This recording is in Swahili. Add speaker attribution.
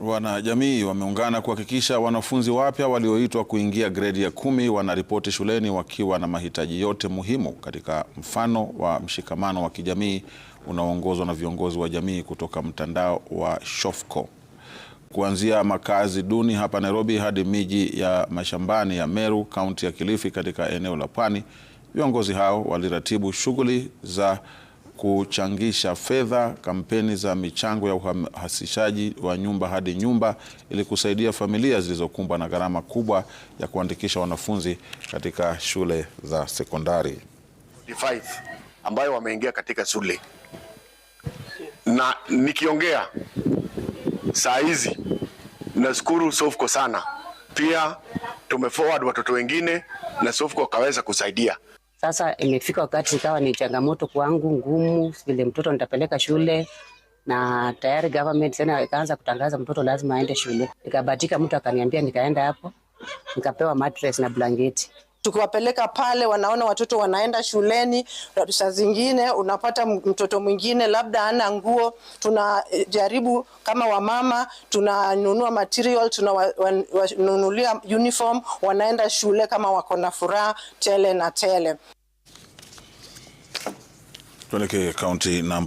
Speaker 1: Wanajamii wameungana kuhakikisha wanafunzi wapya walioitwa kuingia gredi ya kumi wanaripoti shuleni wakiwa na mahitaji yote muhimu katika mfano wa mshikamano wa kijamii unaoongozwa na viongozi wa jamii kutoka mtandao wa SHOFCO. Kuanzia makazi duni hapa Nairobi hadi miji ya mashambani ya Meru, kaunti ya Kilifi katika eneo la Pwani, viongozi hao waliratibu shughuli za kuchangisha fedha, kampeni za michango ya uhamasishaji wa nyumba hadi nyumba ili kusaidia familia zilizokumbwa na gharama kubwa ya kuandikisha wanafunzi katika shule za sekondari
Speaker 2: ambayo wameingia katika shule na nikiongea saa hizi nashukuru Sofco sana, pia tumeforward watoto wengine na Sofco wakaweza kusaidia.
Speaker 3: Sasa imefika wakati ikawa ni changamoto kwangu ngumu, vile mtoto nitapeleka shule na tayari government tena ikaanza kutangaza mtoto lazima aende shule. nikabatika mtu akaniambia, nikaenda hapo nikapewa mattress na blanketi
Speaker 4: tukiwapeleka pale, wanaona watoto wanaenda shuleni. Saa zingine unapata mtoto mwingine labda ana nguo, tunajaribu eh, kama wamama, tunanunua material, tunawanunulia uniform, wanaenda shule kama wako na furaha tele na tele. Tuelekee kaunti